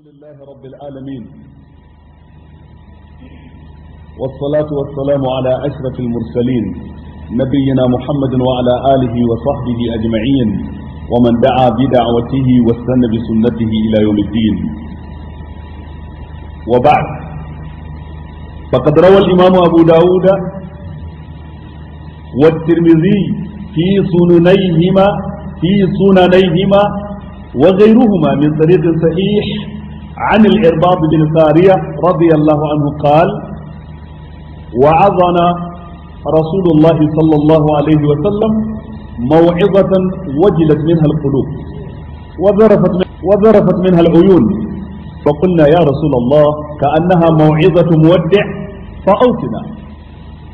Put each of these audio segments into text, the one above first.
الحمد لله رب العالمين والصلاة والسلام على أشرف المرسلين نبينا محمد وعلى آله وصحبه أجمعين ومن دعا بدعوته واستنى بسنته إلى يوم الدين وبعد فقد روى الإمام أبو داود والترمذي في سننيهما في سننيهما وغيرهما من طريق صحيح عن الإرباض بن سارية رضي الله عنه قال وعظنا رسول الله صلى الله عليه وسلم موعظة وجلت منها القلوب وذرفت وذرفت منها العيون فقلنا يا رسول الله كأنها موعظة مودع فأوصنا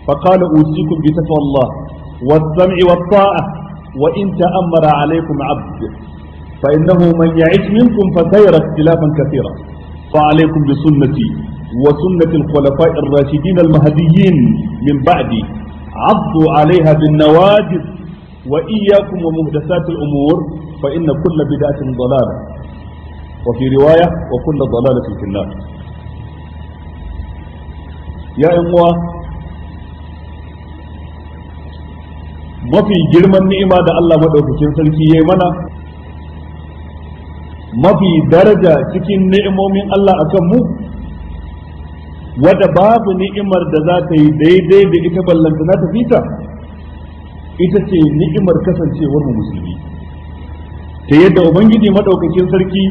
فقال أوصيكم بتقوى الله والسمع والطاعة وإن تأمر عليكم عبد فإنه من يعيش منكم فسيرى اختلافا كثيرا فعليكم بسنتي وسنة الخلفاء الراشدين المهديين من بعدي عضوا عليها بالنواجذ وإياكم ومهدسات الأمور فإن كل بدعة ضلالة وفي رواية وكل ضلالة في النار يا إخوة mafi girman ni'ima da Allah madaukakin sarki yayi mana mafi daraja cikin ni'imomin Allah akan mu wadda babu ni'imar da za ta yi daidai da ita ballanta na tafi ta ita ce ni'imar kasancewar mu musulmi ta yadda ubangiji madaukakin sarki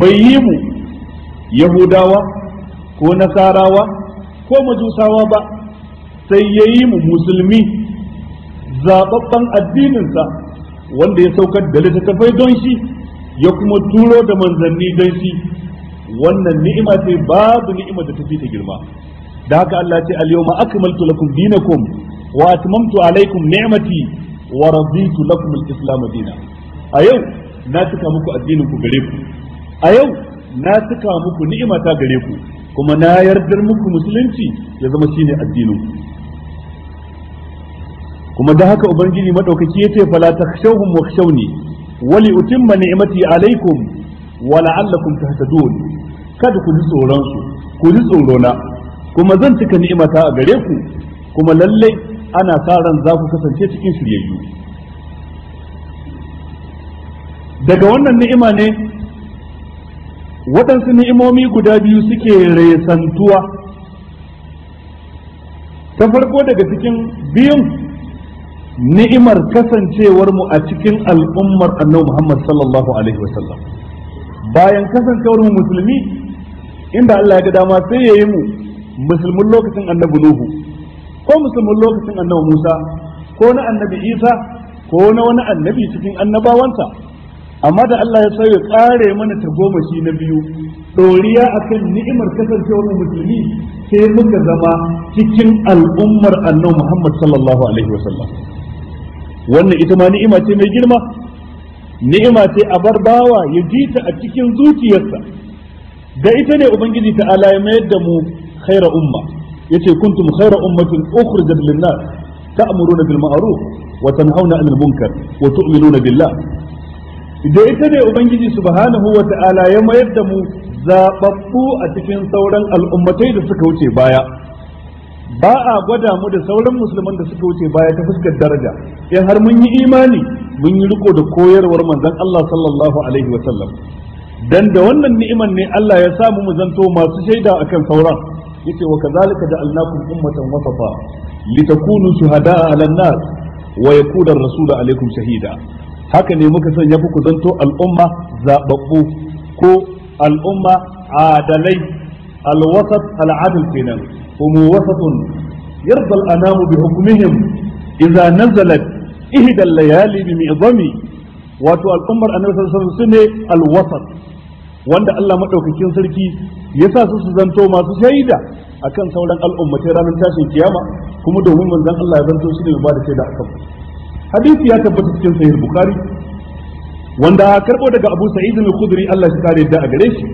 bai yi mu yahudawa ko nasarawa ko majusawa ba sai ya yi mu musulmi zaɓaɓɓen addininsa wanda ya saukar da littattafai don shi ya kuma turo da manzanni don shi wannan ni'ima ce babu ni'ima da tafi ta girma da haka Allah ce al-yawma akmaltu lakum dinakum wa atmamtu alaykum ni'mati wa raditu lakum al-islam dina a yau na tuka muku addinin ku gare ku a yau na tuka muku ni'imata gare ku kuma na yardar muku musulunci ya zama shine addinin ku kuma da haka ubangiji madaukaki yace fala takshawhum wakhshawni wali utimma ni'mati alaikum wa la'allakum tahtadun kada ku ji tsoron ku ji tsoro na kuma zan cika ni'imata a gare ku kuma lalle ana sa ran za ku kasance cikin shiryayyu daga wannan ni'ima ne waɗansu ni'imomi guda biyu suke resantuwa ta farko daga cikin biyun ni'imar kasancewar mu a cikin al'ummar annabi Muhammad sallallahu alaihi wa sallam, bayan kasancewar mu musulmi inda Allah ya ga dama sai ya yi mu musulmin lokacin annabi Nuhu ko musulmin lokacin annabi Musa ko na annabi Isa ko na wani annabi cikin annabawansa amma da Allah ya sai ya kare mana tagomashi na biyu doriya akan ni'imar kasancewar musulmi sai muka zama cikin al'ummar annabi Muhammad sallallahu alaihi wa sallam. wannan ita ma ni'ima ce mai girma ni'ima ce a bar bawa ya ji ta a cikin zuciyarsa da ita ne ubangiji ta'ala ya mayar da mu khaira umma yace kuntum khaira ummatin ukhrijat lin-nas ta'muruna bil ma'ruf wa tanhauna 'anil munkar wa tu'minuna billah da ita ne ubangiji subhanahu wa ta'ala ya mayar da mu zababbu a cikin sauran al'ummatai da suka wuce baya ba a gwada mu da sauran musulman da suka wuce baya ta fuskar daraja in har mun yi imani mun yi riko da koyarwar manzon Allah sallallahu alaihi wa sallam dan da wannan ni'imar ne Allah ya samu mu zanto masu shaida akan sauran yace wa kazalika ja'alnakum ummatan wasafa litakunu shuhada'a 'alan nas wa yakuna ar-rasulu 'alaykum shahida haka ne muka sanya ku zanto al'umma zababbu ko al'umma adalai al-wasat al-'adl kenan هم وسط يرضى الأنام بحكمهم إذا نزلت إهدى الليالي بمعظمي wato al'ummar annabi sallallahu su ne alwasat wanda Allah madaukakin sarki ya sa su zanto masu shaida akan sauran al'ummatai ranar tashin kiyama kuma domin manzon Allah ya zanto shi ne ba da shaida hadisi ya tabbatar cikin sahih bukhari wanda karɓo daga Abu Sa'id al-Khudri Allah shi kare da a gare shi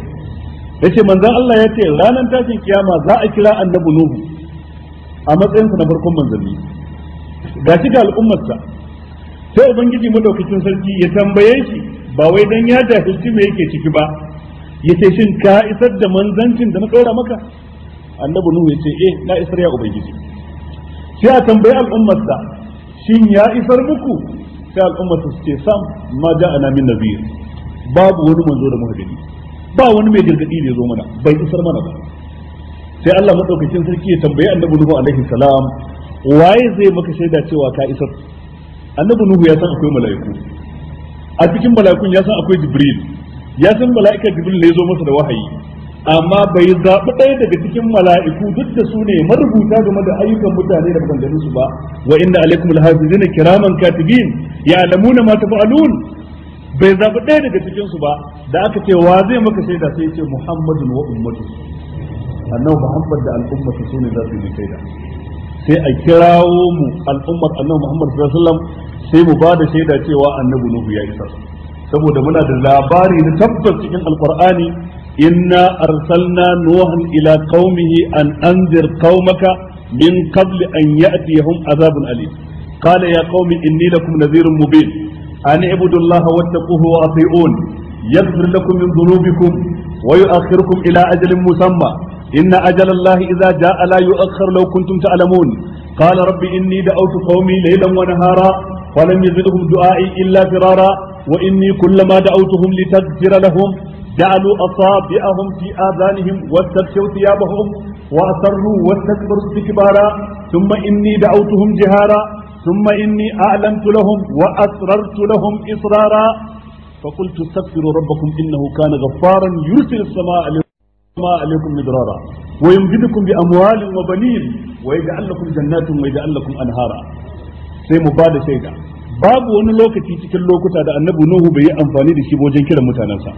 yace manzon Allah ya ce ranar tashin kiyama za a kira annabi nuhu a matsayinsa na farkon manzanni ga shi ga al'ummarsa sai ubangiji madaukakin sarki ya tambaye shi ba wai dan ya jahilci me yake ciki ba yace shin ka isar da manzancin da na tsora maka annabi nuhu yace eh na isar ya ubangiji sai a tambayi al'ummarsa shin ya isar muku sai al'ummarsa su ce sam ma ja'ana min nabiyyi babu wani manzo da muka ba wani mai gargadi da ya zo mana bai isar mana ba sai Allah madaukakin sarki ya tambayi annabi Nuhu alaihi salam waye zai maka shaida cewa ka isar annabi Nuhu ya san akwai mala'iku a cikin mala'ikun ya san akwai Jibril ya san mala'ika Jibril ne ya zo masa da wahayi amma bai zaɓi ɗaya daga cikin mala'iku duk da su ne marubuta game da ayyukan mutane da maganganun ba wa inna alaikum alhafizina kiraman katibin ya'lamuna ma tafa'alun bai zaɓi ɗaya daga cikinsu ba da aka ce wa zai maka shaida sai ce Muhammadu wa ummatu annabi muhammad da al'ummatu su ne za su yi shaida sai a kirawo mu al'ummar annabi muhammad sallallahu alaihi wasallam sai mu ba da shaida cewa annabi nuhu ya isa saboda muna da labari na tabbas cikin alqur'ani inna arsalna nuhan ila qaumihi an anzir qaumaka min qabli an ya'tiyahum azabun alim qala ya qaumi inni lakum nadhirun mubin أن اعبدوا الله واتقوه وأطيعون يغفر لكم من ذنوبكم ويؤخركم إلى أجل مسمى إن أجل الله إذا جاء لا يؤخر لو كنتم تعلمون قال رب إني دعوت قومي ليلا ونهارا فلم يزدهم دعائي إلا فرارا وإني كلما دعوتهم لتغفر لهم جعلوا أصابعهم في آذانهم واستغشوا ثيابهم وأسروا واستكبروا استكبارا ثم إني دعوتهم جهارا thumma inni a'lantu lahum wa asrartu lahum israra فقلت استغفروا ربكم انه كان غفارا يرسل السماء عليكم مدرارا ويمددكم باموال وبنين ويجعل لكم جنات ويجعل لكم انهارا sai mu bada shaida babu wani lokaci cikin lokuta da annabi nuhu bai yi amfani da shi wajen kiran mutanensa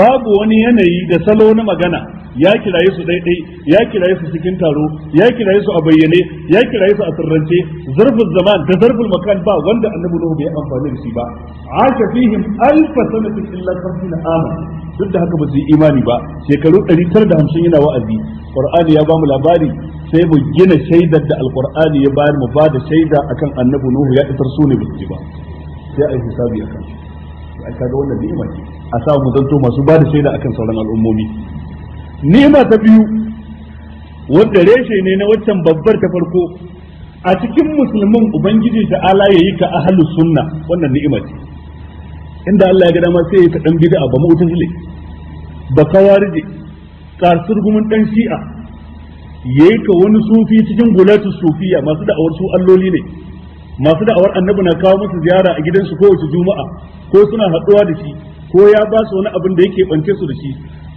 babu wani yanayi da salo na magana ya kiraye su daidai ya kiraye su cikin taro ya kiraye su a bayyane ya kiraye su a sirrance zarfin zaman da zarfin makan ba wanda annabi nuhu bai amfani da shi ba aka fihim alf sanatin illa 50 ama duk da haka ba su yi imani ba shekaru 950 yana wa'azi qur'ani ya ba mu labari sai mu gina shaidar da alqur'ani ya bayar mu ba da shaida akan annabi nuhu ya isar su ne ba ba sai a yi hisabi akan shi ai kaga wannan ni'ima ce a sa mu zanto masu ba da shaida akan sauran al'ummomi ni'ima ta biyu wadda reshe ne na waccan babbar ta farko a cikin musulmin ubangiji ta ala yi ka ahalu sunna wannan ni'ima ce inda Allah ya ga dama sai ya ɗan bid'a ba mu'tazile ba kawarije karsur gumin ɗan shi'a ya yi ka wani sufi cikin gulatu sufiya masu da'awar su alloli ne masu da'awar annabi na kawo masu ziyara a gidansu kowace juma'a ko suna haɗuwa da shi ko ya ba su wani abin da yake bance su da shi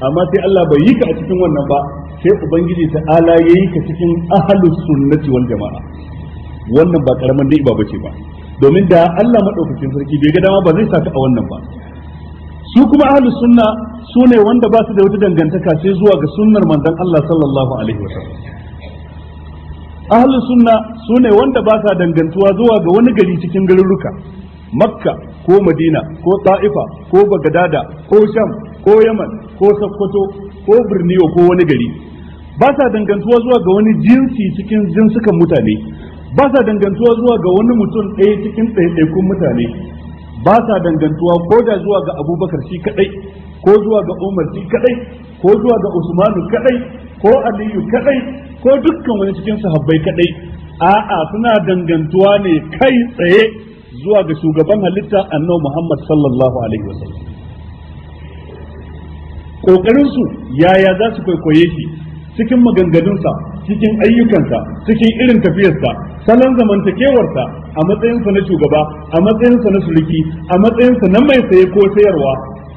amma sai Allah bai yi ka a cikin wannan ba sai ubangiji ta'ala yayi ka cikin ahlus sunnati wal jama'a wannan ba karaman dai ba bace ba domin da Allah madaukakin sarki bai ga dama ba zai saka a wannan ba su kuma ahlus sunna su ne wanda ba su da wata dangantaka sai zuwa ga sunnar manzon Allah sallallahu alaihi wasallam ahlus sunna su ne wanda ba sa dangantuwa zuwa ga wani gari cikin garuruka makka ko madina ko ta'ifa ko bagadada ko sham ko yaman ko sokoto ko birniyo ko wani gari ba sa dangantuwa zuwa ga wani jinsi cikin jinsukan mutane ba sa dangantuwa zuwa ga wani mutum ɗaya cikin ɗaiɗaikun mutane ba sa dangantuwa ko da zuwa ga abubakar shi kaɗai ko zuwa ga umar shi kaɗai ko zuwa ga usmanu kaɗai ko aliyu kaɗai ko dukkan wani cikin sahabbai kaɗai a'a suna dangantuwa ne kai tsaye zuwa ga shugaban halitta annabi Muhammad sallallahu alaihi wasallam kokarin su yaya za su kwaikwaye shi cikin maganganunsa cikin ayyukansa cikin irin tafiyarsa salon zamantakewarsa a matsayinsa na shugaba a matsayinsa na suluki, a matsayinsa na mai saye ko sayarwa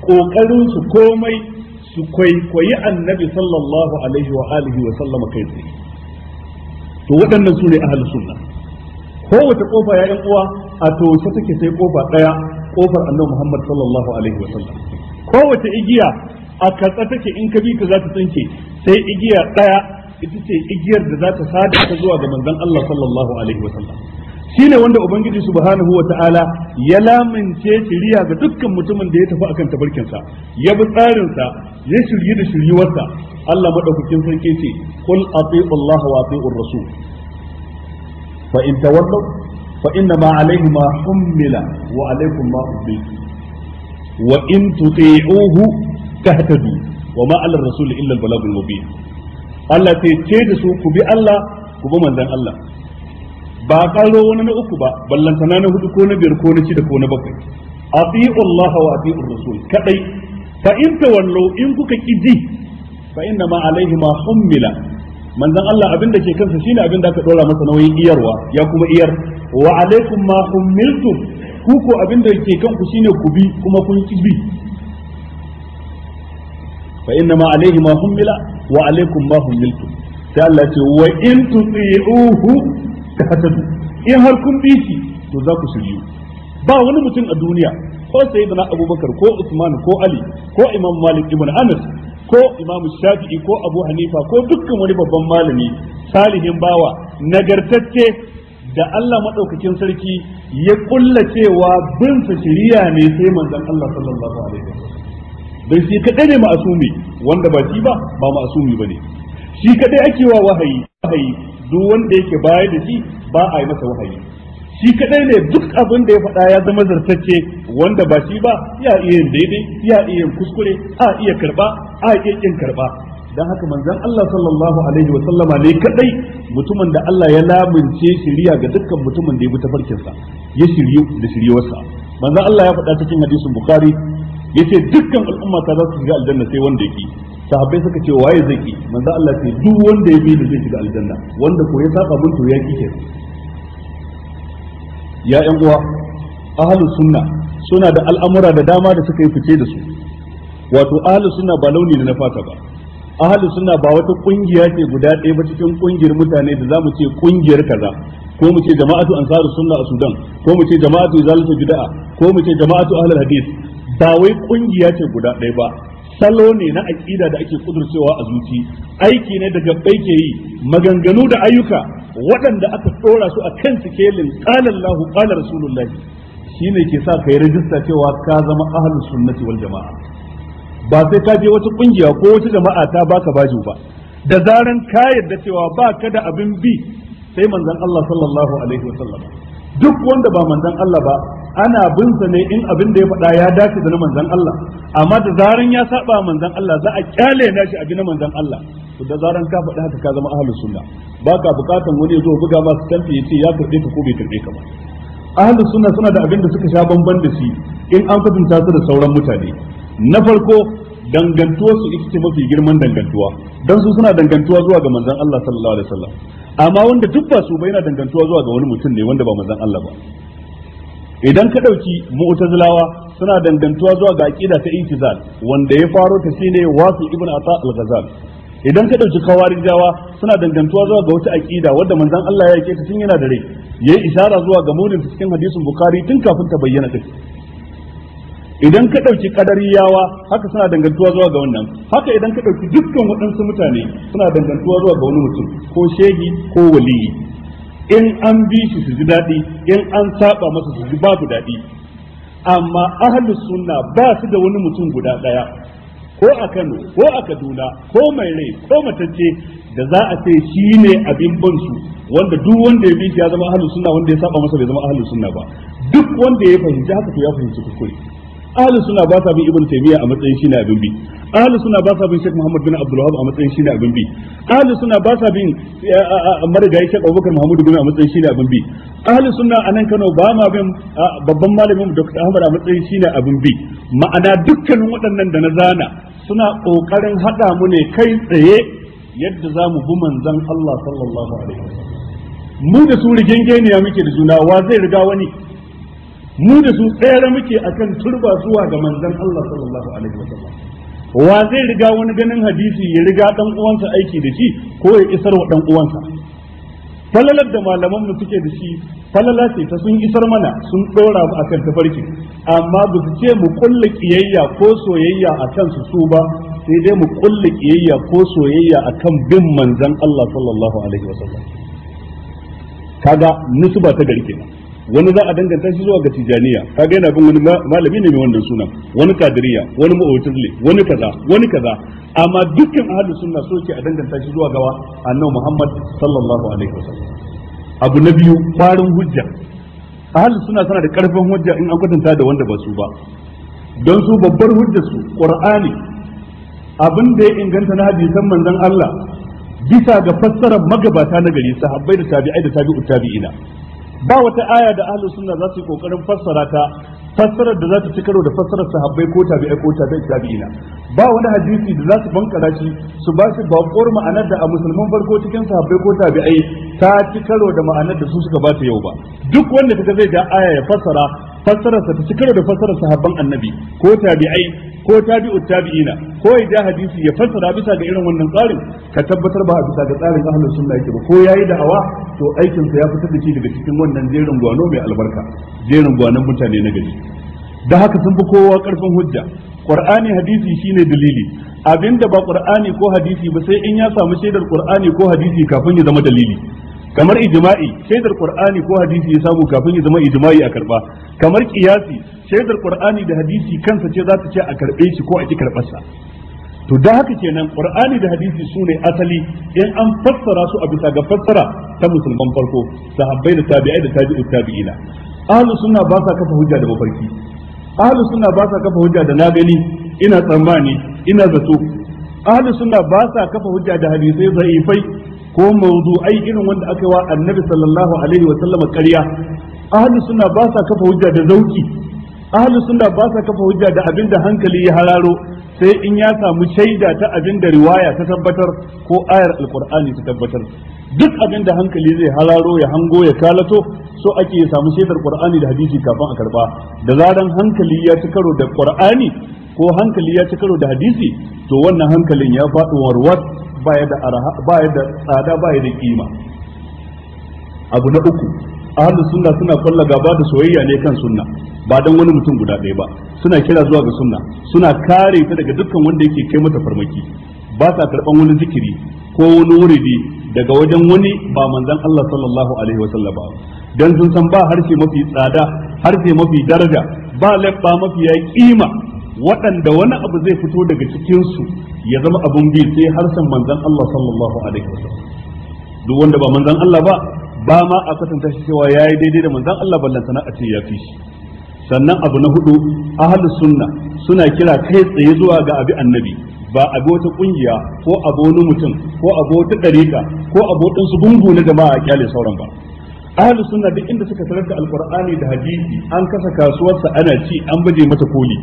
kokarin su komai su kwaikwayi annabi sallallahu alaihi wa alihi wa sallama kai to waɗannan su ne ahlus sunna kowace kofa ya yan uwa a toshe take sai kofa daya kofar annabi Muhammad sallallahu alaihi wasallam kowace igiya a katsa take in ka bi ka za ta tsinke sai igiya daya ita ce igiyar da za ta sada ta zuwa ga manzon Allah sallallahu alaihi wasallam shine wanda ubangiji subhanahu wataala ya lamince shiriya ga dukkan mutumin da ya tafi akan tabarkinsa ya bi tsarinsa ya shirye da shiryuwarsa Allah madaukakin sarki ce kul ati'u Allah wa ati'ur rasul fa in tawallaw fa inna ma alaihi ma wa alaikum ma wa in tuti'uhu tahtadu wa ma ala rasul illa al-balagul mubin Allah sai ce da su ku bi Allah ku bi manzon Allah ba karo wani na uku ba ballantana na hudu ko na biyar ko na shida ko na bakwai ati'u wa rasul Kaɗai, fa in in kuka kiji fa inna ma alaihi manzon Allah abin da ke kansa shine abin da aka dora masa nauyin iyarwa ya kuma iyar wa alaikum ma humiltum ku ko abin da ke kanku shine ku bi kuma kun ki bi fa inna ma alaihi ma humila wa alaikum ma humiltum sai Allah ce wa in tuti'uhu tahtadu in har kun bi shi to za ku shiryu ba wani mutum a duniya ko sayyidina Abubakar ko Usman ko Ali ko Imam Malik ibn Anas ko imamu shafi'i ko abu hanifa ko dukkan wani babban malami salihin bawa nagartacce da Allah maɗaukakin sarki ya kulla cewa bin sa shari'a ne sai manzon Allah sallallahu alaihi wasallam dan shi kadai ne ma'asumi wanda ba shi ba ba ma'asumi bane shi kadai ake wa wahayi wahayi duk wanda yake baya da shi ba a yi masa wahayi shi kadai ne duk abin da ya faɗa ya zama zartacce wanda ba shi ba ya iya yin daidai ya iya yin kuskure a iya karba a iya kin karba dan haka manzon Allah sallallahu alaihi wa sallama ne kadai mutumin da Allah ya lamunce shiriya ga dukkan mutumin da ya bi farkin sa ya shiryu da shiriyarsa manzon Allah ya faɗa cikin hadisin bukhari yace dukkan al'umma ta za su shiga aljanna sai wanda yake sahabbai suka ce waye zai ki manzo Allah ce duk wanda ya bi da zai shiga aljanna wanda ko ya saba mun to ya ki ke ya yan uwa ahlus sunna suna da al'amura da dama da suka yi fice da su wato ahli suna ba launi da na fata ba Ahli suna ba wata kungiya ce guda ɗaya ba cikin kungiyar mutane da zamu ce kungiyar kaza ko mu ce jama'atu ansarus sunna a Sudan ko mu ce jama'atu zalatu bid'a ko mu ce jama'atu ahlul hadith ba wai kungiya ce guda ɗaya ba salo ne na aƙida da ake kudurcewa a zuci aiki ne da gabbai ke yi maganganu da ayyuka waɗanda aka ɗora su a kan sikelin qala Allahu qala Rasulullahi Shi ne ke sa yi rajista cewa ka zama ahlus sunnati wal jama'a ba sai ka je wata kungiya ko wata jama'a ta baka baju ba da zaran ka yarda cewa ba ka da abin bi sai manzon Allah sallallahu alaihi wasallam duk wanda ba manzon Allah ba ana bin sa ne in abin da ya faɗa ya dace da na manzon Allah amma da zaran ya saba manzon Allah za a kyale na shi a bi manzan manzon Allah to da zaran ka faɗa haka ka zama ahlus sunna baka bukatan wani ya zo buga ma stamp ya ce ya karbe ka ko bai karbe ka ba ahlus sunna suna da abin da suka sha bamban da shi in an kwatanta su da sauran mutane na farko dangantuwa su ita ce mafi girman dangantuwa dan su suna dangantuwa zuwa ga manzon Allah sallallahu alaihi wasallam amma wanda duk ba su ba yana dangantuwa zuwa ga wani mutum ne wanda ba manzon Allah ba idan ka dauki mu'tazilawa suna dangantuwa zuwa ga aqida ta intizal wanda ya faro ta shine wasu ibn ata al ghazali idan ka ɗauki dauki kawarijawa suna dangantuwa zuwa ga wata aqida wadda manzon Allah ya yake ta tun yana da rai ya yi isara zuwa ga munin cikin hadisin bukhari tun kafin ta bayyana kai idan ka ɗauki kadariyawa haka suna dangantuwa zuwa ga wannan haka idan ka ɗauki dukkan waɗansu mutane suna dangantuwa zuwa ga wani mutum ko shehi ko waliyi in an bi shi su ji daɗi in an saba masa su ji babu daɗi amma ahlus sunna ba su da wani mutum guda ɗaya ko a Kano ko a Kaduna ko mai rai ko matacce da za a ce shi ne abin su wanda duk wanda ya bi ya zama ahlus sunna wanda ya saba masa bai zama ahlus sunna ba duk wanda ya fahimci haka to ya fahimci kuskure ahlus sunna ba sa bin ibnu taymiya a matsayin shi ne abin bi ahlus sunna ba sa bin sheikh muhammad bin abdul wahab a matsayin shi ne abin bi ahlus sunna ba sa bin eh, marigayi sheikh abubakar muhammad bin a matsayin shi ne abin bi ahlus sunna a nan kano ba ma bin babban malamin dr ahmad a matsayin shi ne abin bi ma'ana dukkanin waɗannan da na zana suna ƙoƙarin haɗa mu ne kai tsaye yadda za mu bi manzan Allah sallallahu alaihi wasallam mu da su rigengeniya muke da juna wa zai riga wani mu da su tsere muke akan turba zuwa ga manzan Allah sallallahu alaihi wasallam wa zai riga wani ganin hadisi ya riga dan uwansa aiki da shi ko ya isar wa dan uwansa talalar da malaman mu suke da shi falala ce ta sun isar mana sun dora mu akan tafarki amma ba su ce mu kulla kiyayya ko soyayya kan su su ba sai dai mu kulla kiyayya ko soyayya a kan bin manzan Allah sallallahu alaihi wasallam kaga nisba ta gari kenan wani za a danganta shi zuwa ga tijaniya kaga yana bin wani malami ne mai wannan sunan wani kadiriya wani mu'tazili wani kaza wani kaza amma dukkan ahlus sunna so ke a danganta shi zuwa gawa annabi Muhammad sallallahu alaihi sallam. abu na biyu kwarin hujja ahli suna suna da karfin hujja in an kwatanta da wanda ba su ba don su babbar hujja su qur'ani abin da ya inganta na hadisan manzon Allah bisa ga fassarar magabata na gari sahabbai da tabi'ai da tabi'u tabi'ina ba wata aya da ahlus sunna za su yi ƙoƙarin fassara ta fassarar da za ta ci karo da fassarar sahabbai ko tabi'ai ko tabi'ina ba wani hadisi da za su bankara shi su ba shi baƙuwar ma'anar da a musulman farko cikin sahabbai ko tabi'ai ta ci karo da ma'anar da su suka ba ta yau ba duk wanda kaga zai da aya ya fassara fassararsa ta ci karo da fassarar sahabban annabi ko tabi'ai ko tabi'ut tabi'ina ko ya ja hadisi ya fassara bisa ga irin wannan tsarin ka tabbatar ba bisa ga tsarin ahlus sunna yake ba ko yayi da'awa to aikin sa ya fitar da shi daga cikin wannan jerin gwano mai albarka jerin gwanon mutane na gari da haka sun fi kowa karfin hujja qur'ani hadisi shine dalili abinda ba qur'ani ko hadisi ba sai in ya samu shaidar qur'ani ko hadisi kafin ya zama dalili kamar ijma'i shaidar qur'ani ko hadisi ya samu kafin ya zama ijma'i a karba kamar kiyasi shaidar qur'ani da hadisi kansa ce za ta ce a karbe shi ko a ki karbar sa to da haka kenan qur'ani da hadisi su ne asali in an fassara su a bisa ga fassara ta musulman farko sahabbai da tabi'ai da tabi'u tabi'ina ahlus sunna ba sa kafa hujja da mafarki ahlus sunna ba sa kafa hujja da na gani ina tsammani ina zato ahlus sunna ba sa kafa hujja da hadisai zaifai ko mawdu'ai irin wanda aka yi wa annabi sallallahu alaihi wa sallama ƙarya ahlus sunna ba sa kafa hujja da zauki ahlus sunna ba sa kafa hujja da abin da hankali ya hararo sai in ya samu shaida ta abin da riwaya ta tabbatar ko ayar alqur'ani ta tabbatar duk abin da hankali zai hararo ya hango ya kalato so ake ya samu shaidar qur'ani da hadisi kafin a karba da zaran hankali ya ci karo da qur'ani ko hankali ya ci karo da hadisi to wannan hankalin ya faɗi warwat baya da tsada baya da kima abu na uku ahlus sunna suna kwalla gaba da soyayya ne kan sunna ba dan wani mutum guda ɗaya ba suna kira zuwa ga sunna suna kare ta daga dukkan wanda yake kai mata farmaki ba sa karban wani zikiri ko wani wuridi daga wajen wani ba manzon Allah sallallahu alaihi wa sallam ba dan sun san ba harshe mafi tsada harshe mafi daraja ba labba mafi ya kima waɗanda wani abu zai fito daga cikin su ya zama abun bi sai harshen manzon Allah sallallahu alaihi wa sallam duk wanda ba manzon Allah ba ba ma a kwatanta shi cewa ya yi daidai da manzan Allah ballantana a ce ya fi shi sannan abu na hudu ahalus sunna suna kira kai tsaye zuwa ga abi annabi ba abi wata kungiya ko abu wani mutum ko abu wata ɗarika ko abu waɗansu gungu na jama'a a kyale sauran ba ahlu sunna duk inda suka tarar da alqur'ani da hadisi an kasa kasuwarsa ana ci an baje mata koli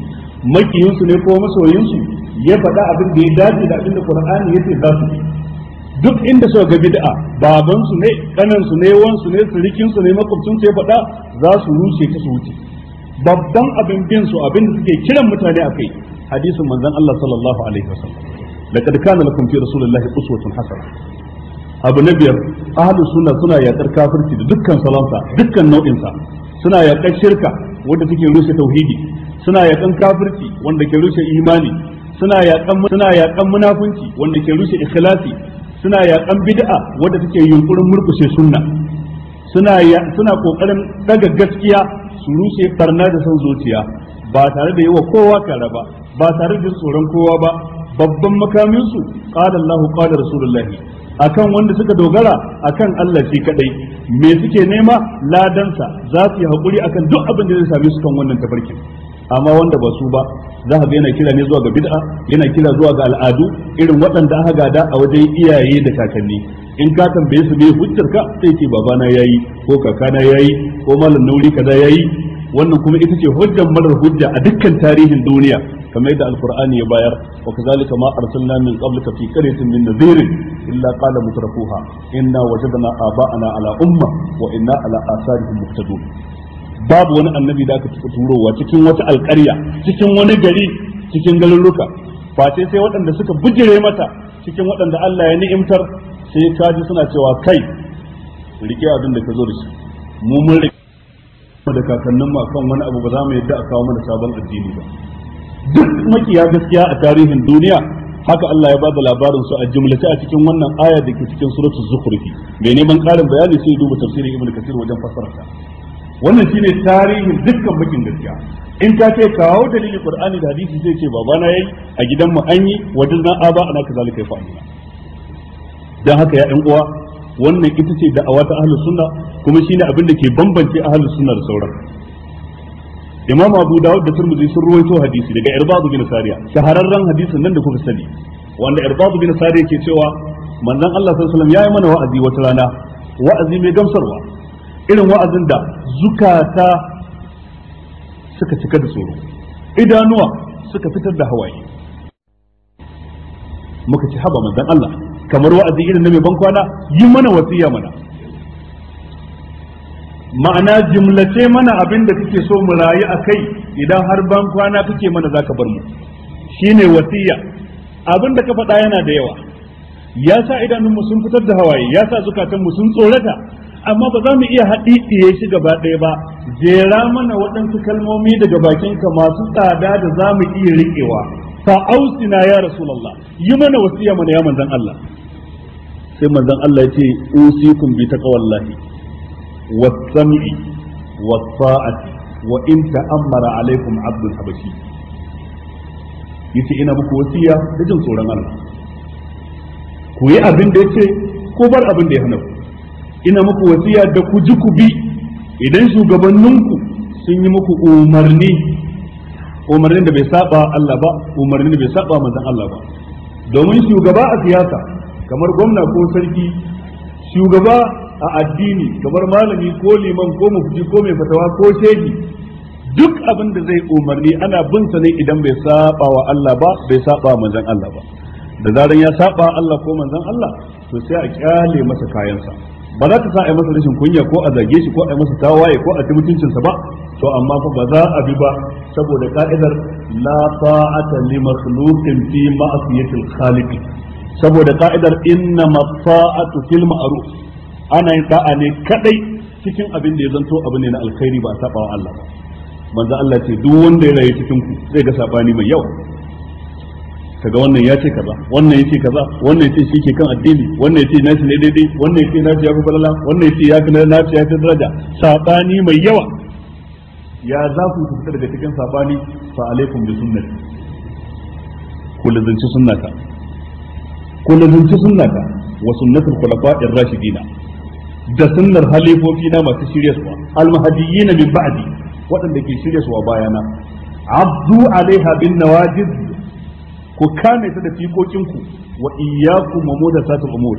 makiyinsu ne ko masoyinsu ya faɗa abin da ya dace da abin da qur'ani yake za su duk inda suka ga bid'a baban su ne kanan su ne wan su ne sirikin su ne makwabcin su ya faɗa za su rushe ta su wuce babban abin bin su abin da suke kiran mutane akai hadisin manzon Allah sallallahu alaihi wasallam laqad kana lakum fi rasulillahi uswatun hasana abu na biyar ahlus sunna suna yakar kafirci da dukkan salonsa dukkan nau'insa suna yakar shirka wanda take rushe tauhidi suna yakan kafirci wanda ke rushe imani suna yakan suna yakan munafunci wanda ke rushe ikhlasi suna yaƙan bid'a wadda suke yunkurin murkushe sunna suna suna kokarin daga gaskiya su rushe barna da son zuciya ba tare da yawa kowa kare ba ba tare da tsoron kowa ba babban makaminsu, su qala Allahu qala Rasulullah akan wanda suka dogara akan Allah shi kaɗai, me suke nema ladansa za su yi hakuri akan duk abin da zai same su kan wannan tafarkin amma wanda ba su ba za ga yana kira ne zuwa ga bid'a yana kira zuwa ga al'adu irin waɗanda aka gada a wajen iyaye da kakanni in ka tambaye su me hujjar ka sai ce babana yayi ko kakana yayi ko malam nauri kaza yayi wannan kuma ita ce hujjar marar hujja a dukkan tarihin duniya kamar yadda alqur'ani ya bayar wa kazalika ma arsalna min qablika fi qaryatin min nadhirin illa qala mutrafuha inna wajadna aba'ana ala umma wa inna ala asarihim babu wani annabi da aka taɓa turowa cikin wata alƙarya cikin wani gari cikin garuruka face sai waɗanda suka bijire mata cikin waɗanda Allah ya ni'imtar sai kaji suna cewa kai rike abin da ka zo da shi mu mun rike da kakannin mu akan wani abu ba za mu yadda a kawo mana sabon addini ba duk makiya gaskiya a tarihin duniya haka Allah ya bada labarin su a jumlace a cikin wannan aya da ke cikin suratul zukhruf mai neman ƙarin bayani sai duba tafsirin ibnu kasir wajen ta? wannan shine tarihin dukkan bakin gaskiya in ta ce kawo dalili qur'ani da hadisi zai ce babana yayi a gidan mu anyi yi wajen aba ana kazalika fa dan haka ya ɗan uwa wannan ita ce da ta ahlus sunna kuma shine abin da ke bambance ahlus sunna da sauran imam abu dawud da turmuzi sun ruwaito hadisi daga irbadu bin sariya shahararren hadisin nan da kuka sani wanda irbadu bin sariya ke cewa manzon Allah sallallahu alaihi wasallam yayi mana wa'azi wata rana wa'azi mai gamsarwa irin wa'azin da zukata suka cika da tsoro idanuwa suka fitar da hawaye muka ci haba manzon Allah kamar wa'azi irin na mai ban kwana yi mana wasiya mana ma'ana jimlace mana abin da kake so mu rayu a kai idan har ban kwana kake mana za ka bar mu shine wasiya abin da ka faɗa yana da yawa ya sa idanunmu sun fitar da hawaye ya sa zukatanmu sun tsorata amma ba za mu iya haɗi ɗiye shi gaba ɗaya ba jera mana waɗansu kalmomi daga bakinka masu tsada da za mu iya riƙewa fa ausina ya rasulullah yi mana wasiya mana ya manzon Allah sai manzon Allah ya ce usikum bi taqwallahi was-sam'i wa in ta'ammara alaikum abdul habashi yace ina muku wasiya da jin tsoron Allah ku yi abin da yace ko bar abin da ya hana ku ina muku wasiya da ku ji ku bi idan shugabanninku sun yi muku umarni umarnin da bai saba Allah ba umarnin da bai saba manzon Allah ba domin shugaba a siyasa kamar gwamna ko sarki shugaba a addini kamar malami ko liman ko mufti ko mai fatawa ko shehi duk abin da zai umarni ana bin sa ne idan bai saba wa Allah ba bai saba manzon Allah ba da zaran ya saba Allah ko manzon Allah to sai a kyale masa kayansa ba za ta sa a masa rashin kunya ko a zage shi ko a masa tawaye ko a ci mutuncinsa ba to amma fa ba za a bi ba saboda ka'idar la ta'ata li makhluqin fi ma'siyati al saboda ka'idar inna ma'ta'atu fil ma'ruf ana yin da'a ne kadai cikin abin da ya zanto abu ne na alkhairi ba saba wa Allah ba manzo Allah ce duk wanda ya rayu cikin ku zai ga sabani mai yawa kaga wannan ya ce kaza wannan ya ce kaza wannan ya ce shi ke kan addini wannan ya ce shi ne daidai wannan ya ce na shi ya fi falala wannan ya ce ya fi shi ya fi daraja sabani mai yawa ya za ku fita daga cikin sabani fa alaikum bi sunnati ku lazanci sunnata ku lazanci sunnata wa sunnatul khulafa'ir rashidina da sunnar halifofi na masu shirya suwa almahadiyyin min ba'di waɗanda ke shirya suwa bayana abdu alaiha bin nawajid ku kame ta da fikokinku wa iyyakum wa mudasatul umur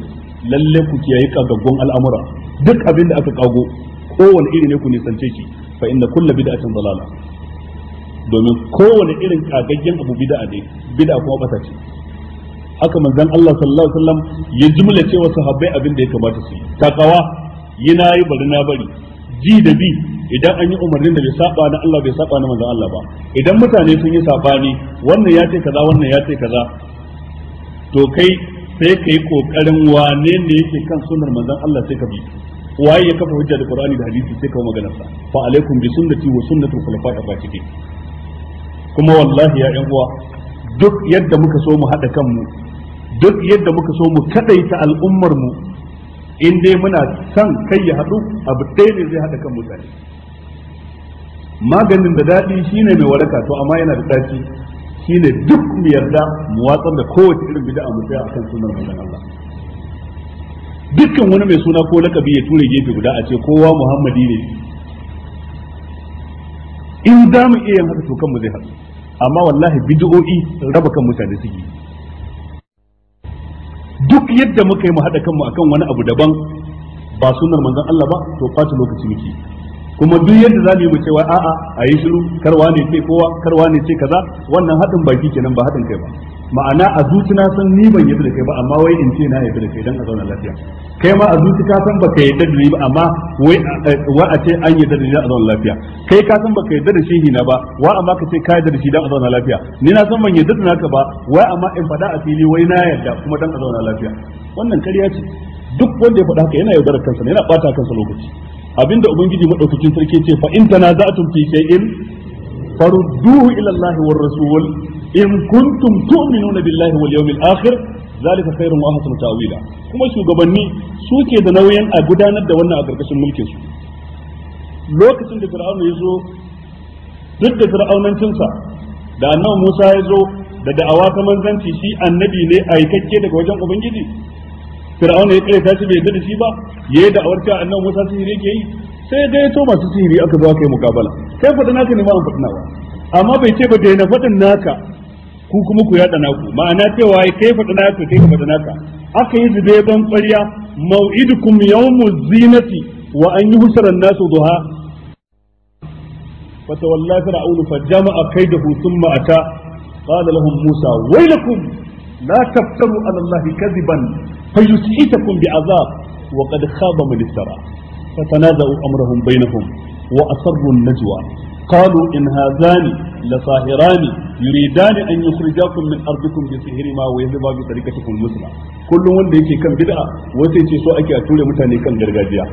lalle ku kiyaye kagaggun al'amura duk abin da aka kago kowane iri ne ku nisance ki, fa inna kullu bid'atin dalala domin kowane irin kagaggen abu bid'a ne bid'a kuma bata ce haka manzon Allah sallallahu alaihi wasallam ya jumla cewa sahabbai abin da ya kamata su yi takawa yana yi bari na bari ji da bi idan an yi umarnin da bai saba na Allah bai saba na manzon Allah ba idan mutane sun yi sabani wannan ya ce kaza wannan ya ce kaza to kai sai kai kokarin wane ne yake kan sunnar manzon Allah sai ka bi waye ya kafa hujja da Qur'ani da hadisi sai ka yi maganar sa fa alaikum bi sunnati wa sunnatul khulafa'i ar-rashidin kuma wallahi ya yan uwa duk yadda muka so mu hada kanmu duk yadda muka so mu kadaita al'ummar mu in dai muna son kai ya haɗu abu ɗaya ne zai haɗa kan mutane maganin da daɗi shine mai waraka to amma yana da ɗaci shine duk mu yarda mu watsar da kowace irin bid'a mu tsaya akan sunan manzon Allah dukkan wani mai suna ko lakabi ya tura gefe guda a ce kowa Muhammadi ne in za mu iya yin haka to kanmu zai haɗu amma wallahi bid'o'i raba kan mutane suke duk yadda muka yi mu haɗa kanmu akan wani abu daban ba sunar manzon Allah ba to kwace lokaci muke kuma duk yadda za mu yi mu cewa a'a a yi shiru karwa ne ce kowa karwa ne ce kaza wannan haɗin baki kenan ba haɗin kai ba ma'ana a zuci na san ni ban yadda da kai ba amma wai in ce na yadda da kai dan a zauna lafiya kai ma a zuci ka san baka yadda da ni ba amma wai eh, wa a ce an yadda da ni dan a zauna lafiya kai ka san baka yadda da shi na ba wa amma ka ce ka yadda da shi dan a zauna lafiya ni na san ban yadda da naka ba wai amma in faɗa a fili wai na yadda kuma dan a zauna lafiya wannan ƙarya ce duk wanda ya faɗa haka yana yaudarar kansa yana ɓata kansa lokaci abinda ubangiji madaukakin sarki ce fa in tanaza'tum fi shay'in farudduhu ila Allah war rasul in kuntum tu'minuna billahi wal yawmil akhir zalika khairun wa ahsanu ta'wila kuma shugabanni suke da nauyin a gudanar da wannan a karkashin mulkin su lokacin da fir'auna ya zo duk da fir'aunancinsa da annabi Musa ya zo da da'awa ta manzanci shi annabi ne aikakke daga wajen ubangiji fir'aun ya kare ta shi bai yarda da shi ba yayi da awarta annabi Musa sihiri yake yi sai dai to masu sihiri aka zo ka yi mukabala kai fadin naka ne ba an fadin amma bai ce ba dai na fadin naka ku kuma ku yada naku ma'ana cewa kai fadin naka kai ka fadin naka aka yi zube ban ƙwarya mau'idukum yawmuz zinati wa an yuhsara an-nasu duha فتولى فرعون فجمع كيده ثم أتى قال لهم موسى ويلكم لا تفتروا على الله كذبا فيسعفكم بعذاب وقد خاب من افترى فتنازعوا امرهم بينهم واسروا النجوى قالوا ان هذان لساهران يريدان ان يخرجاكم من ارضكم بسحرهما ويذهبا بطريقتكم المثلى كل wanda yake kan bid'a wata yace so ake a ture mutane kan gargajiya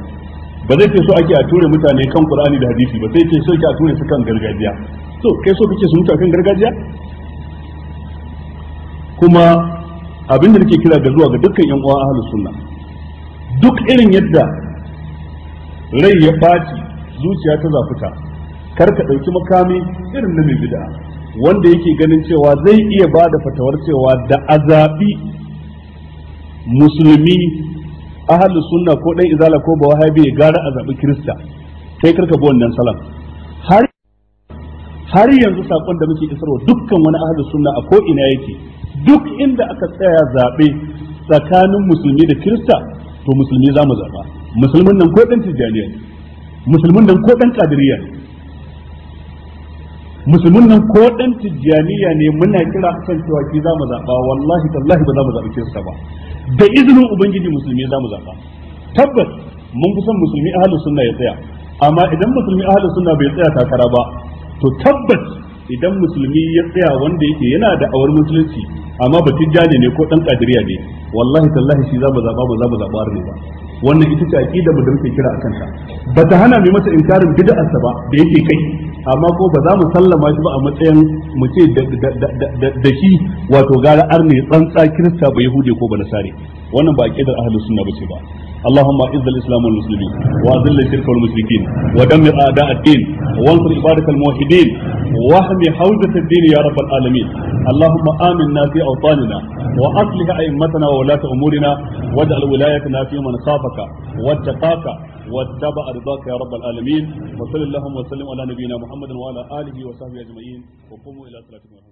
ba zai ce so ake a ture mutane kan qur'ani da hadisi ba sai ce so ake a ture su kan gargajiya So kai so kake su mutu kan gargajiya kuma abin da nake kira ga zuwa ga dukkan yan uwa ahlus sunna duk irin yadda rai ya baci zuciya ta zafuta kar ka dauki makami irin na mai bid'a wanda yake ganin cewa zai iya ba da fatawar cewa da azabi musulmi ahlus sunna ko dan izala ko ba wahabi ya gara azabi krista kirista karka bi wannan salam har har yanzu sakon da muke isarwa dukkan wani ahlus sunna a ko ina yake duk inda aka tsaya zaɓe tsakanin musulmi da kirista to musulmi za mu zaɓa musulmin nan ko ɗan tijjaniya musulmin nan ko ɗan ƙadiriya musulmin nan ko ɗan tijjaniya ne muna kira kan cewa ki za mu zaɓa wallahi tallahi ba za mu zaɓi kirista ba da izinin ubangiji musulmi za mu zaɓa tabbas mun fi son musulmi ahlus sunna ya tsaya amma idan musulmi ahlus sunna bai tsaya takara ba to tabbas idan musulmi ya tsaya wanda yake yana da awar musulunci amma ba tijjani ne ko dan kadiriya ne wallahi tallahi shi za mu zaba ba za mu zaba ne ba wannan ita ce aqida mu da muke kira akan ta ba ta hana mu masa inkarin bid'arsa ba da yake kai amma ko ba za mu sallama shi ba a matsayin mu ce da shi wato gara arne tsantsa kirista ba yahudi ko ba nasare wannan ba aqidar ahlus sunna ba ce ba اللهم اعز الاسلام والمسلمين واذل الشرك والمشركين ودمر اعداء الدين وانصر عبادك الموحدين واحمي حوزه الدين يا رب العالمين اللهم امنا في اوطاننا واصلح ائمتنا وولاة امورنا واجعل ولايتنا في من خافك واتقاك واتبع رضاك يا رب العالمين وصل اللهم وسلم على نبينا محمد وعلى اله وصحبه اجمعين وقوموا الى صلاتكم